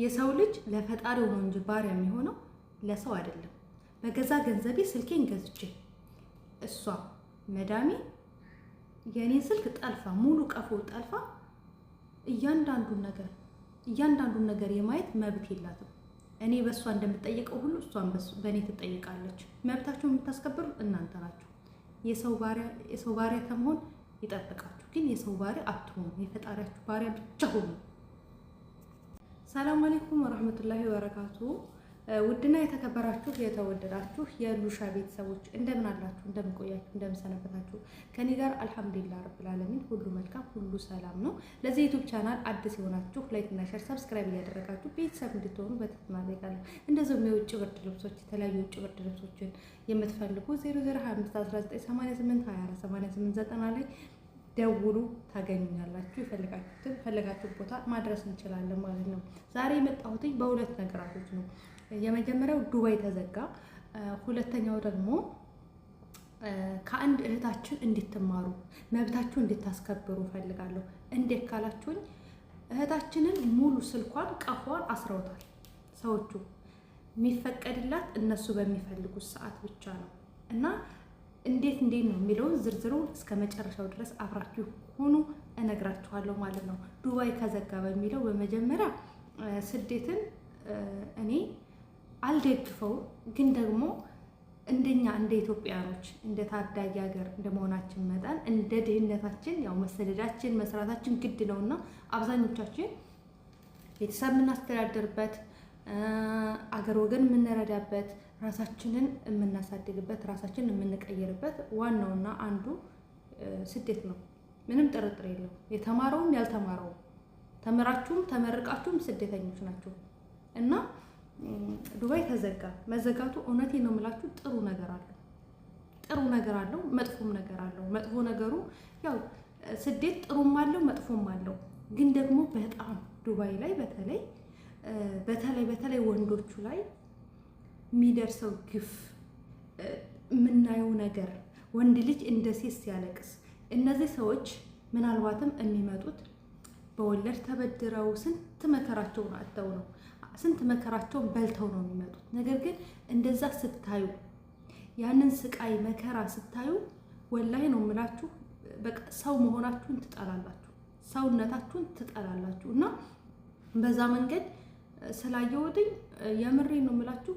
የሰው ልጅ ለፈጣሪው ነው እንጂ ባሪያ የሚሆነው ለሰው አይደለም። በገዛ ገንዘቤ ስልኬን ገዝቼ እሷ መዳሜ የእኔን ስልክ ጠልፋ ሙሉ ቀፎ ጠልፋ እያንዳንዱን ነገር እያንዳንዱን ነገር የማየት መብት የላትም። እኔ በእሷ እንደምጠየቀው ሁሉ እሷን በእኔ ትጠይቃለች። መብታችሁን የምታስከብሩ እናንተ ናችሁ። የሰው ባሪያ ከመሆን ይጠብቃችሁ። ግን የሰው ባሪያ አትሆኑ፣ የፈጣሪያችሁ ባሪያ ብቻ ሆኑ። ሰላም አለይኩም ወረህመቱላሂ ወበረካቱ። ውድና የተከበራችሁ የተወደዳችሁ የሉሻ ቤተሰቦች እንደምን አላችሁ? እንደምን ቆያችሁ? እንደምን ሰነበታችሁ? ከኔ ጋር አልሐምዱሊላህ ረብል ዓለሚን ሁሉ መልካም፣ ሁሉ ሰላም ነው። ለዚህ ዩቲዩብ ቻናል አዲስ የሆናችሁ ላይክ እና ሼር፣ ሰብስክራይብ እያደረጋችሁ ቤተሰብ እንድትሆኑ በትህትና እጠይቃለሁ። እንደዚሁም የውጭ ብርድ ልብሶች የተለያዩ የውጭ ብርድ ልብሶችን የምትፈልጉ 002519882488 ዘጠና ላይ ደውሉ ታገኙኛላችሁ። የፈለጋችሁትን ፈለጋችሁት ቦታ ማድረስ እንችላለን ማለት ነው። ዛሬ የመጣሁትኝ በሁለት ነገራቶች ነው። የመጀመሪያው ዱባይ ተዘጋ፣ ሁለተኛው ደግሞ ከአንድ እህታችን እንድትማሩ መብታችሁ እንድታስከብሩ እፈልጋለሁ። እንዴት ካላችሁኝ እህታችንን ሙሉ ስልኳን ቀፏን አስረውታል ሰዎቹ። የሚፈቀድላት እነሱ በሚፈልጉት ሰዓት ብቻ ነው እና እንዴት እንዴት ነው የሚለውን ዝርዝሩ እስከ መጨረሻው ድረስ አብራችሁ ሆኑ እነግራችኋለሁ ማለት ነው። ዱባይ ከዘጋ በሚለው በመጀመሪያ ስደትን እኔ አልደግፈውም፣ ግን ደግሞ እንደኛ እንደ ኢትዮጵያኖች እንደ ታዳጊ ሀገር እንደ መሆናችን መጠን እንደ ድህነታችን ያው መሰደዳችን መስራታችን ግድ ነው እና አብዛኞቻችን ቤተሰብ የምናስተዳደርበት አገር ወገን የምንረዳበት ራሳችንን የምናሳድግበት ራሳችንን የምንቀይርበት ዋናውና አንዱ ስደት ነው። ምንም ጥርጥር የለው። የተማረውም ያልተማረውም ተምራችሁም ተመርቃችሁም ስደተኞች ናቸው እና ዱባይ ተዘጋ። መዘጋቱ እውነቴ ነው የምላችሁ ጥሩ ነገር አለው፣ ጥሩ ነገር አለው፣ መጥፎም ነገር አለው። መጥፎ ነገሩ ያው ስደት ጥሩም አለው መጥፎም አለው። ግን ደግሞ በጣም ዱባይ ላይ በተለይ በተለይ በተለይ ወንዶቹ ላይ የሚደርሰው ግፍ የምናየው ነገር ወንድ ልጅ እንደ ሴት ሲያለቅስ፣ እነዚህ ሰዎች ምናልባትም የሚመጡት በወለድ ተበድረው ስንት መከራቸውን አጥተው ነው፣ ስንት መከራቸውን በልተው ነው የሚመጡት። ነገር ግን እንደዛ ስታዩ፣ ያንን ስቃይ መከራ ስታዩ፣ ወላይ ነው የምላችሁ በቃ ሰው መሆናችሁን ትጠላላችሁ፣ ሰውነታችሁን ትጠላላችሁ እና በዛ መንገድ ስላየወትኝ የምሬ ነው የምላችሁ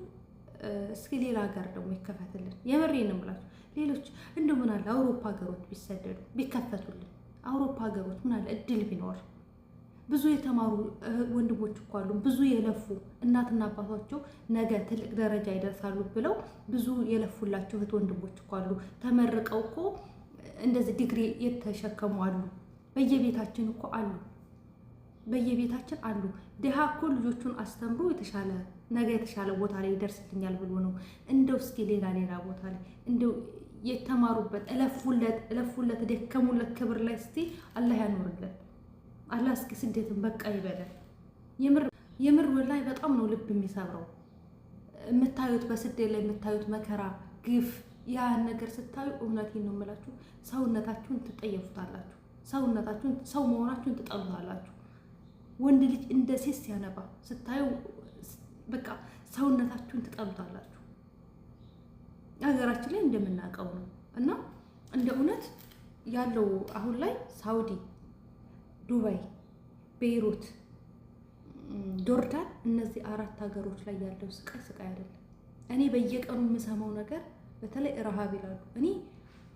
እስኪ ሌላ ሀገር ደግሞ ይከፈትልን። የምሬን እምላችሁ ሌሎች እንደው ምን አለ አውሮፓ ሀገሮች ቢሰደዱ ቢከፈቱልን፣ አውሮፓ ሀገሮች ምን አለ እድል ቢኖር። ብዙ የተማሩ ወንድሞች እኮ አሉ፣ ብዙ የለፉ እናትና አባታቸው ነገ ትልቅ ደረጃ ይደርሳሉ ብለው ብዙ የለፉላቸው እህት ወንድሞች እኮ አሉ። ተመርቀው እኮ እንደዚህ ዲግሪ የተሸከሙ አሉ። በየቤታችን እኮ አሉ፣ በየቤታችን አሉ። ድሃ እኮ ልጆቹን አስተምሮ የተሻለ ነገ የተሻለ ቦታ ላይ ይደርስልኛል ብሎ ነው። እንደው እስኪ ሌላ ሌላ ቦታ ላይ እንደው የተማሩበት እለፉለት እለፉለት ደከሙለት ክብር ላይ እስቲ አላህ ያኖርለት። አላህ እስኪ ስደትን በቃ ይበለል። የምር ላይ በጣም ነው ልብ የሚሰብረው። የምታዩት በስደት ላይ የምታዩት መከራ፣ ግፍ ያን ነገር ስታዩ እውነቴን ነው የምላችሁ ሰውነታችሁን ትጠየፉታላችሁ። ሰውነታችሁን ሰው መሆናችሁን ትጠሉታላችሁ። ወንድ ልጅ እንደ ሴስ ያነባ ስታዩ በቃ ሰውነታችሁን ትጠሉታላችሁ። ሀገራችን ላይ እንደምናውቀው ነው እና እንደ እውነት ያለው አሁን ላይ ሳውዲ፣ ዱባይ፣ ቤይሩት፣ ጆርዳን እነዚህ አራት ሀገሮች ላይ ያለው ስቃይ ስቃይ አይደለም። እኔ በየቀኑ የምሰማው ነገር በተለይ ረሃብ ይላሉ። እኔ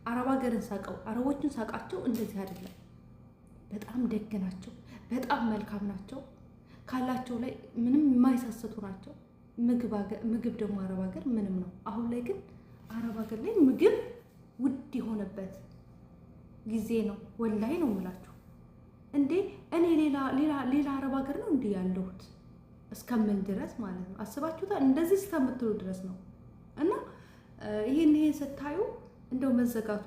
አረብ ሀገርን ሳቀው አረቦችን ሳቃቸው እንደዚህ አይደለም። በጣም ደግ ናቸው። በጣም መልካም ናቸው። ካላቸው ላይ ምንም የማይሳሰቱ ናቸው። ምግብ ደግሞ አረብ ሀገር ምንም ነው። አሁን ላይ ግን አረብ ሀገር ላይ ምግብ ውድ የሆነበት ጊዜ ነው። ወላይ ነው የምላችሁ። እንዴ እኔ ሌላ አረብ ሀገር ነው እንዲህ ያለሁት እስከምን ድረስ ማለት ነው። አስባችሁታል? እንደዚህ እስከምትሉ ድረስ ነው እና ይህን ይህን ስታዩ እንደው መዘጋቱ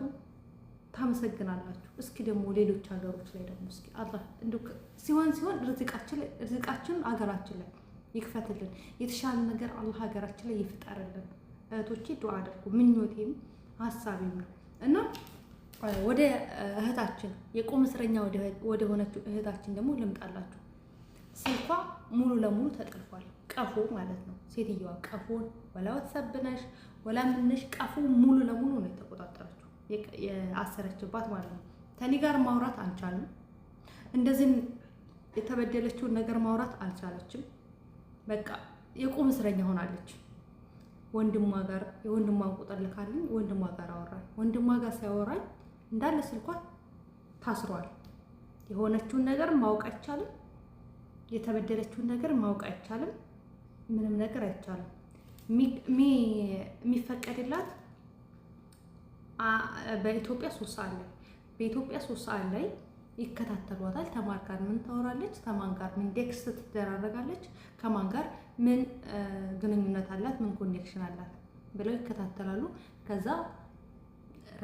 ታመሰግናላችሁ። እስኪ ደግሞ ሌሎች ሀገሮች ላይ ደግሞ እስኪ አላህ ሲሆን ሲሆን ርዝቃችን ሀገራችን ላይ ይክፈትልን። የተሻለ ነገር አላህ ሀገራችን ላይ ይፍጠርልን። እህቶቼ ዱዓ አድርጉ። ምኞቴም ሀሳቤም ነው እና ወደ እህታችን የቁም እስረኛ ወደ ሆነችው እህታችን ደግሞ ልምጣላችሁ። ስልኳ ሙሉ ለሙሉ ተጠልፏል። ቀፎ ማለት ነው። ሴትዮዋ ቀፎን ወላ ወትሰብነሽ ወላ ምንሽ ቀፎ ሙሉ ለሙሉ ነው የተቆጣጠረው። የአሰረችባት ማለት ነው። ከኔ ጋር ማውራት አልቻልም። እንደዚህ የተበደለችውን ነገር ማውራት አልቻለችም። በቃ የቁም እስረኛ ሆናለች። ወንድሟ ጋር የወንድሟን ቁጥር ልካልኝ ወንድሟ ጋር አወራኝ። ወንድሟ ጋር ሲያወራኝ እንዳለ ስልኳ ታስሯል። የሆነችውን ነገር ማወቅ አይቻልም። የተበደለችውን ነገር ማወቅ አይቻልም። ምንም ነገር አይቻልም። የሚፈቀድላት በኢትዮጵያ ሶስት ሰዓት ላይ በኢትዮጵያ ሶስት ሰዓት ላይ ይከታተሏታል። ተማር ጋር ምን ታወራለች? ከማን ጋር ምን ዴክስ ትደራረጋለች? ከማን ጋር ምን ግንኙነት አላት? ምን ኮኔክሽን አላት ብለው ይከታተላሉ። ከዛ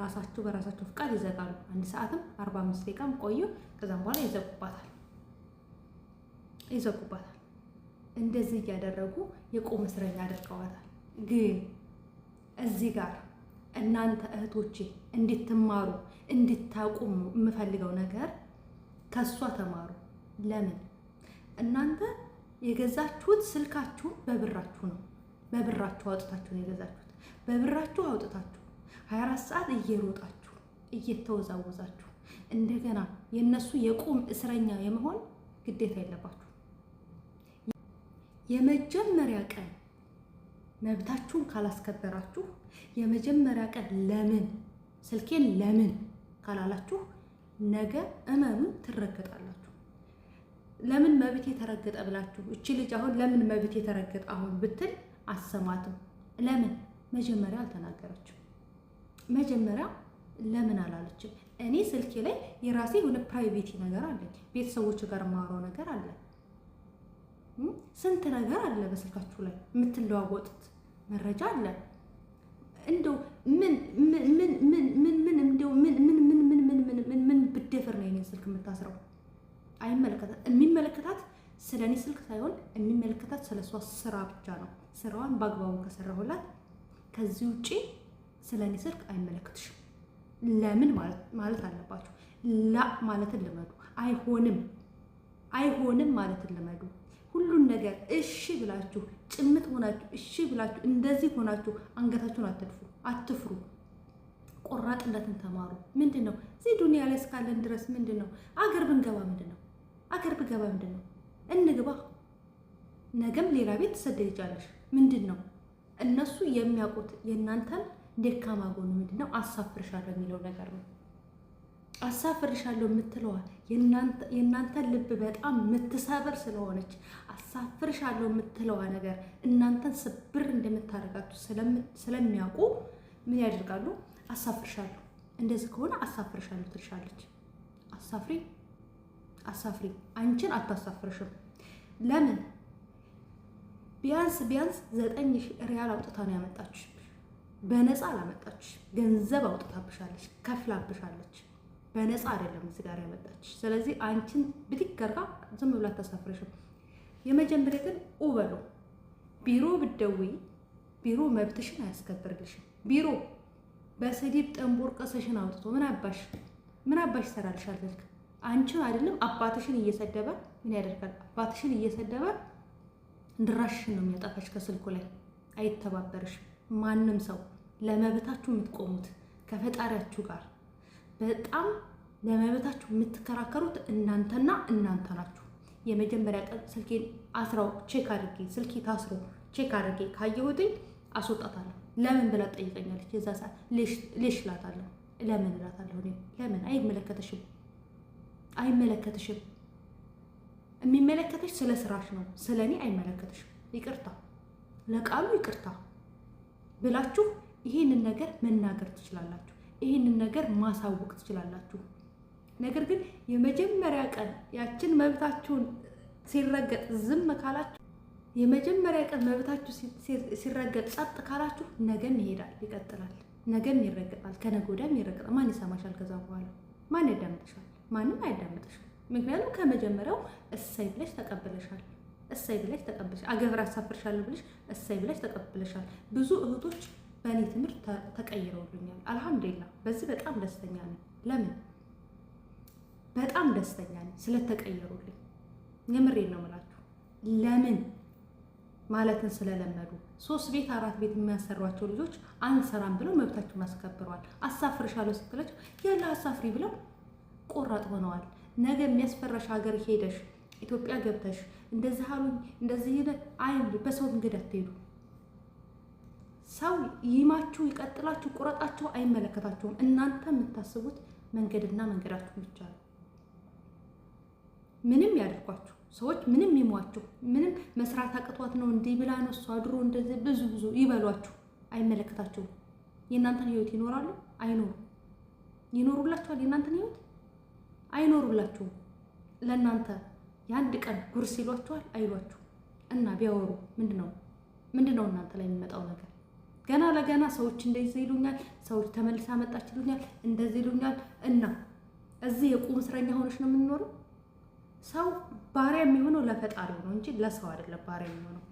ራሳቸው በራሳቸው ፍቃድ ይዘጋሉ። አንድ ሰዓትም አርባ አምስት ደቂቃም ቆዩ። ከዛም በኋላ ይዘጉባታል ይዘጉባታል። እንደዚህ እያደረጉ የቁም እስረኛ አድርገዋታል። ግን እዚህ ጋር እናንተ እህቶቼ እንድትማሩ እንድታውቁ የምፈልገው ነገር ከእሷ ተማሩ። ለምን እናንተ የገዛችሁት ስልካችሁን በብራችሁ ነው። በብራችሁ አውጥታችሁ ነው የገዛችሁት። በብራችሁ አውጥታችሁ 24 ሰዓት እየሮጣችሁ እየተወዛወዛችሁ እንደገና የእነሱ የቁም እስረኛ የመሆን ግዴታ የለባችሁ የመጀመሪያ ቀን መብታችሁን ካላስከበራችሁ የመጀመሪያ ቀን ለምን ስልኬን ለምን ካላላችሁ ነገ እመኑን ትረገጣላችሁ? ለምን መብት የተረገጠ ብላችሁ እቺ ልጅ አሁን ለምን መብት የተረገጠ አሁን ብትል አሰማትም። ለምን መጀመሪያ አልተናገረችም? መጀመሪያ ለምን አላለችም? እኔ ስልኬ ላይ የራሴ የሆነ ፕራይቬቲ ነገር አለኝ። ቤተሰቦች ጋር ማውራው ነገር አለ ስንት ነገር አለ በስልካችሁ ላይ የምትለዋወጡት መረጃ አለ። እንደው ምን ምን ምን ምን ምን ምን እንደው ምን ምን ምን ምን ምን ምን ምን ምን ብደፍር ነው የኔን ስልክ የምታስረው? አይመለከታት። የሚመለከታት ስለ እኔ ስልክ ሳይሆን የሚመለከታት ስለ እሷ ስራ ብቻ ነው። ስራዋን በአግባቡ ከሰራሁላት ከዚህ ውጪ ስለ እኔ ስልክ አይመለከትሽም። ለምን ማለት አለባችሁ። ላ ማለትን ልመዱ። አይሆንም አይሆንም ማለትን ልመዱ። ሁሉን ነገር እሺ ብላችሁ ጭምት ሆናችሁ እሺ ብላችሁ እንደዚህ ሆናችሁ አንገታችሁን አትድፉ፣ አትፍሩ። ቆራጥነትን ተማሩ። ምንድን ነው እዚህ ዱኒያ ላይ እስካለን ድረስ ምንድን ነው አገር ብንገባ ምንድን ነው አገር ብንገባ ምንድን ነው እንግባ፣ ነገም ሌላ ቤት ትሰደጃለሽ። ምንድን ነው እነሱ የሚያውቁት የእናንተን ደካማ ጎን ምንድን ነው አሳፍርሻለሁ የሚለው ነገር ነው። አሳፍርሻለሁ የምትለዋ የእናንተ ልብ በጣም የምትሰብር ስለሆነች አሳፍርሻለሁ የምትለዋ ነገር እናንተን ስብር እንደምታደርጋችሁ ስለሚያውቁ ምን ያደርጋሉ? አሳፍርሻለሁ፣ እንደዚህ ከሆነ አሳፍርሻለሁ ትልሻለች። አሳፍሪ አሳፍሪ፣ አንቺን አታሳፍርሽም። ለምን? ቢያንስ ቢያንስ ዘጠኝ ሪያል አውጥታ ነው ያመጣችሽ። በነፃ አላመጣችሽ፣ ገንዘብ አውጥታብሻለች፣ ከፍላብሻለች። በነፃ አይደለም እዚህ ጋር ያመጣች። ስለዚህ አንቺን ብድግ ዝም ብላ አታሳፍረሽም። የመጀመሪያ ግን ኡበሉ ቢሮ ብትደውይ ቢሮ መብትሽን አያስከብርልሽም። ቢሮ በሰዲብ ጠንቦር ቀሰሽን አውጥቶ ምን አባሽ ምን አባሽ ይሰራልሻል? ልክ አንቺን አይደለም አባትሽን እየሰደበ ምን ያደርጋል? አባትሽን እየሰደበ ድራሽን ነው የሚያጠፋሽ ከስልኩ ላይ አይተባበርሽም። ማንም ሰው ለመብታችሁ የምትቆሙት ከፈጣሪያችሁ ጋር በጣም ለመብታችሁ የምትከራከሩት እናንተና እናንተ ናችሁ። የመጀመሪያ ቀን ስልኬን አስራው ቼክ አድርጌ ስልኬ ታስሮ ቼክ አድርጌ ካየሁትኝ አስወጣታለሁ። ለምን ብላ ጠይቀኛለች። የዛ ሰዓት ሌሽ እላታለሁ። ለምን እላታለሁ። ለምን አይመለከተሽም፣ አይመለከተሽም። የሚመለከተሽ ስለ ስራሽ ነው፣ ስለ እኔ አይመለከተሽም። ይቅርታ፣ ለቃሉ ይቅርታ ብላችሁ ይህንን ነገር መናገር ትችላላችሁ። ይህንን ነገር ማሳወቅ ትችላላችሁ። ነገር ግን የመጀመሪያ ቀን ያችን መብታችሁን ሲረገጥ ዝም ካላችሁ የመጀመሪያ ቀን መብታችሁ ሲረገጥ ጸጥ ካላችሁ ነገም ይሄዳል፣ ይቀጥላል፣ ነገም ይረገጣል፣ ከነገ ወዲያም ይረገጣል። ማን ይሰማሻል? ከዛ በኋላ ማን ያዳምጥሻል? ማንም አያዳምጥሽም። ምክንያቱም ከመጀመሪያው እሰይ ብለሽ ተቀብለሻል። እሰይ ብለሽ ተቀብለሻል። አገር አሳፍርሻለሁ ብለሽ እሰይ ብለሽ ተቀብለሻል። ብዙ እህቶች በእኔ ትምህርት ተቀይረውልኛል። አልሐምዱሊላ በዚህ በጣም ደስተኛ ነኝ። ለምን በጣም ደስተኛ ነኝ ስለተቀየሩልኝ። የምሬ ነው የምላችሁ። ለምን ማለትን ስለለመዱ ሶስት ቤት አራት ቤት የሚያሰሯቸው ልጆች አንሰራም ብለው መብታቸውን አስከብረዋል። አሳፍርሻለሁ ስትላቸው ያለ አሳፍሪ ብለው ቆራጥ ሆነዋል። ነገ የሚያስፈራሽ ሀገር ሄደሽ ኢትዮጵያ ገብተሽ እንደዚህ አሉኝ እንደዚህ ሄደ አይ በሰው እንግዳ አትሄዱ ሰው ይማችሁ ይቀጥላችሁ ቁረጣችሁ አይመለከታችሁም። እናንተ የምታስቡት መንገድና መንገዳችሁ ብቻ ነው። ምንም ያደርጓችሁ ሰዎች ምንም ይሟችሁ፣ ምንም መስራት አቅቷት ነው እንዲህ ብላ ነው እሷ ድሮ እንደዚህ ብዙ ብዙ ይበሏችሁ፣ አይመለከታችሁም። የእናንተን ህይወት ይኖራሉ አይኖሩ ይኖሩላችኋል። የእናንተን ህይወት አይኖሩላችሁም። ለእናንተ የአንድ ቀን ጉርስ ይሏችኋል አይሏችሁ እና ቢያወሩ ምንድነው ምንድነው እናንተ ላይ የሚመጣው ነገር? ገና ለገና ሰዎች እንደዚህ ይሉኛል፣ ሰዎች ተመልሳ መጣች ይሉኛል፣ እንደዚህ ይሉኛል እና እዚህ የቁም እስረኛ ሆነች ነው የምንኖረው። ሰው ባሪያ የሚሆነው ለፈጣሪው ነው እንጂ ለሰው አይደለም። ባሪያ የሚሆነው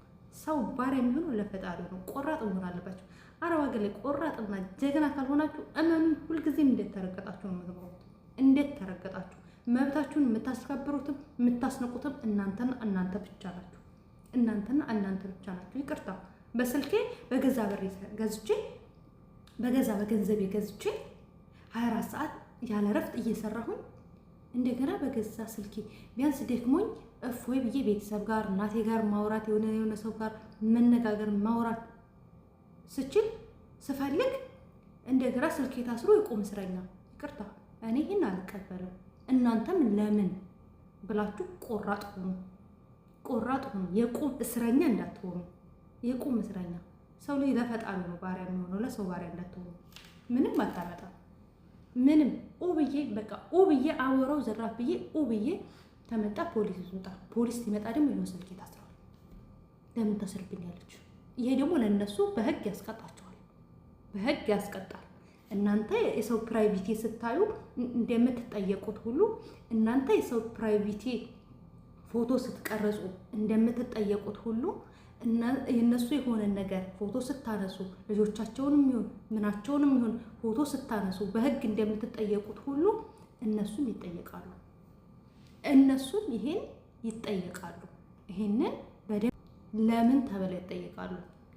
ሰው ባሪያ የሚሆነው ለፈጣሪው ነው። ቆራጥ መሆን አለባቸው። አረብ ሀገር ላይ ቆራጥና ጀግና ካልሆናችሁ እመኑ፣ ሁልጊዜም እንዴት ተረገጣችሁ ነው የምትባሉት። እንዴት ተረገጣችሁ መብታችሁን የምታስከብሩትም የምታስነቁትም እናንተና እናንተ ብቻ ናችሁ። እናንተና እናንተ ብቻ ናችሁ። ይቅርታ በስልኬ በገዛ ብሬ ገዝቼ በገዛ በገንዘቤ ገዝቼ 24 ሰዓት ያለ ረፍት እየሰራሁኝ እንደገና በገዛ ስልኬ ቢያንስ ደክሞኝ ወይ ብዬ ቤተሰብ ጋር እናቴ ጋር ማውራት የሆነ የሆነ ሰው ጋር መነጋገር ማውራት ስችል ስፈልግ እንደገና ስልኬ ታስሮ የቁም እስረኛ። ይቅርታ እኔ ይህን አልቀበልም። እናንተም ለምን ብላችሁ ቆራጥ ሆኑ፣ ቆራጥ ሆኑ። የቁም እስረኛ እንዳትሆኑ። የቁም እስረኛ ሰው ልጅ ለፈጣሪ ነው ባሪያ የሚሆነው። ለሰው ባሪያ እንዳትሆኑ። ምንም አታመጣም። ምንም ኡብዬ በቃ ኡብዬ አወራው ዘራፍ ብዬ ኡብዬ ተመጣ ፖሊስ ይዞጣ ፖሊስ ሲመጣ ደግሞ ይሆን ስልክ ታስረዋል። ለምን ያለች? ይሄ ደግሞ ለእነሱ በህግ ያስቀጣቸዋል። በህግ ያስቀጣል። እናንተ የሰው ፕራይቬቲ ስታዩ እንደምትጠየቁት ሁሉ እናንተ የሰው ፕራይቬቲ ፎቶ ስትቀርጹ እንደምትጠየቁት ሁሉ የእነሱ የሆነ ነገር ፎቶ ስታነሱ ልጆቻቸውንም ይሁን ምናቸውንም ይሁን ፎቶ ስታነሱ በህግ እንደምትጠየቁት ሁሉ እነሱም ይጠየቃሉ። እነሱም ይሄን ይጠየቃሉ። ይሄንን በደንብ ለምን ተብለው ይጠየቃሉ።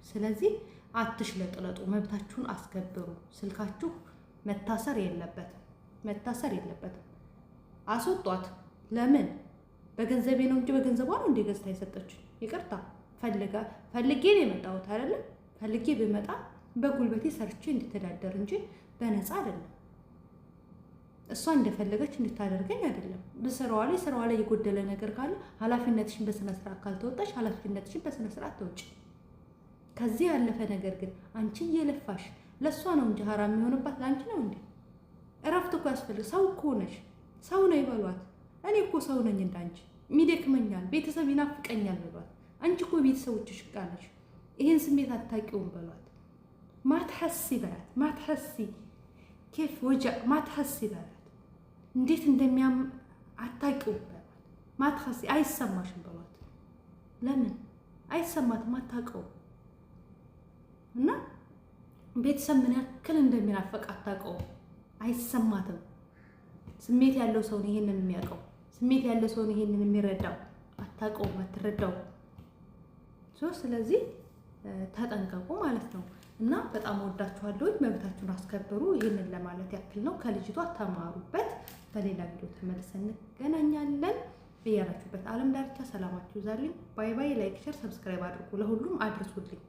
ስለዚህ አትሽለጥለጡ፣ መብታችሁን አስከብሩ። ስልካችሁ መታሰር የለበትም መታሰር የለበትም። አስወጧት። ለምን በገንዘቤ ነው እንጂ በገንዘቧ ነው እንደ ገዝታ የሰጠችው። ይቅርታ ፈልጋ ፈልጌ ነው የመጣሁት ፈልጌ ብመጣ በጉልበቴ ሰርቼ እንድተዳደር እንጂ በነፃ አይደለም። እሷ እንደፈለገች እንድታደርገኝ አይደለም። በስራዋ ላይ ስራዋ ላይ የጎደለ ነገር ካለ ኃላፊነትሽን በስነ ስርዓት ካልተወጣሽ ኃላፊነትሽን በስነ ስርዓት ተውጭ። ከዚህ ያለፈ ነገር ግን አንቺ እየለፋሽ ለእሷ ነው እንጂ ሀራም የሚሆንባት ለአንቺ ነው እንዴ? እረፍት እኮ ያስፈልግ። ሰው እኮ ነሽ፣ ሰው ነው ይበሏት። እኔ እኮ ሰው ነኝ እንዳንቺ፣ ሚደክመኛል፣ ቤተሰብ ይናፍቀኛል በሏት። አንቺ እኮ ቤተሰቦችሽ ዕቃ ነሽ። ይሄን ስሜት አታውቂውም በሏት። ማትሐሲ በላት። ማትሐሲ ኬፍ ወጃ ማትሐሲ በላት። እንዴት እንደሚያም አታውቂውም በሏት። ማትሐሲ አይሰማሽም በሏት። ለምን አይሰማትም? አታውቀውም እና ቤተሰብ ምን ያክል እንደሚናፈቅ አታውቀውም። አይሰማትም። ስሜት ያለው ሰውን ይሄንን የሚያውቀው ስሜት ያለው ሰውን ይሄንን የሚረዳው አታውቀውም፣ አትረዳውም። ስለዚህ ተጠንቀቁ ማለት ነው። እና በጣም ወዳችኋለሁ። መብታችሁን አስከብሩ። ይህንን ለማለት ያክል ነው። ከልጅቷ ተማሩበት። በሌላ ቪዲዮ ተመልሰን እንገናኛለን። እያላችሁበት አለም ዳርቻ ሰላማችሁ ይዛልኝ። ባይ ባይ። ላይክ፣ ሸር፣ ሰብስክራይብ አድርጉ። ለሁሉም አድርሱልኝ።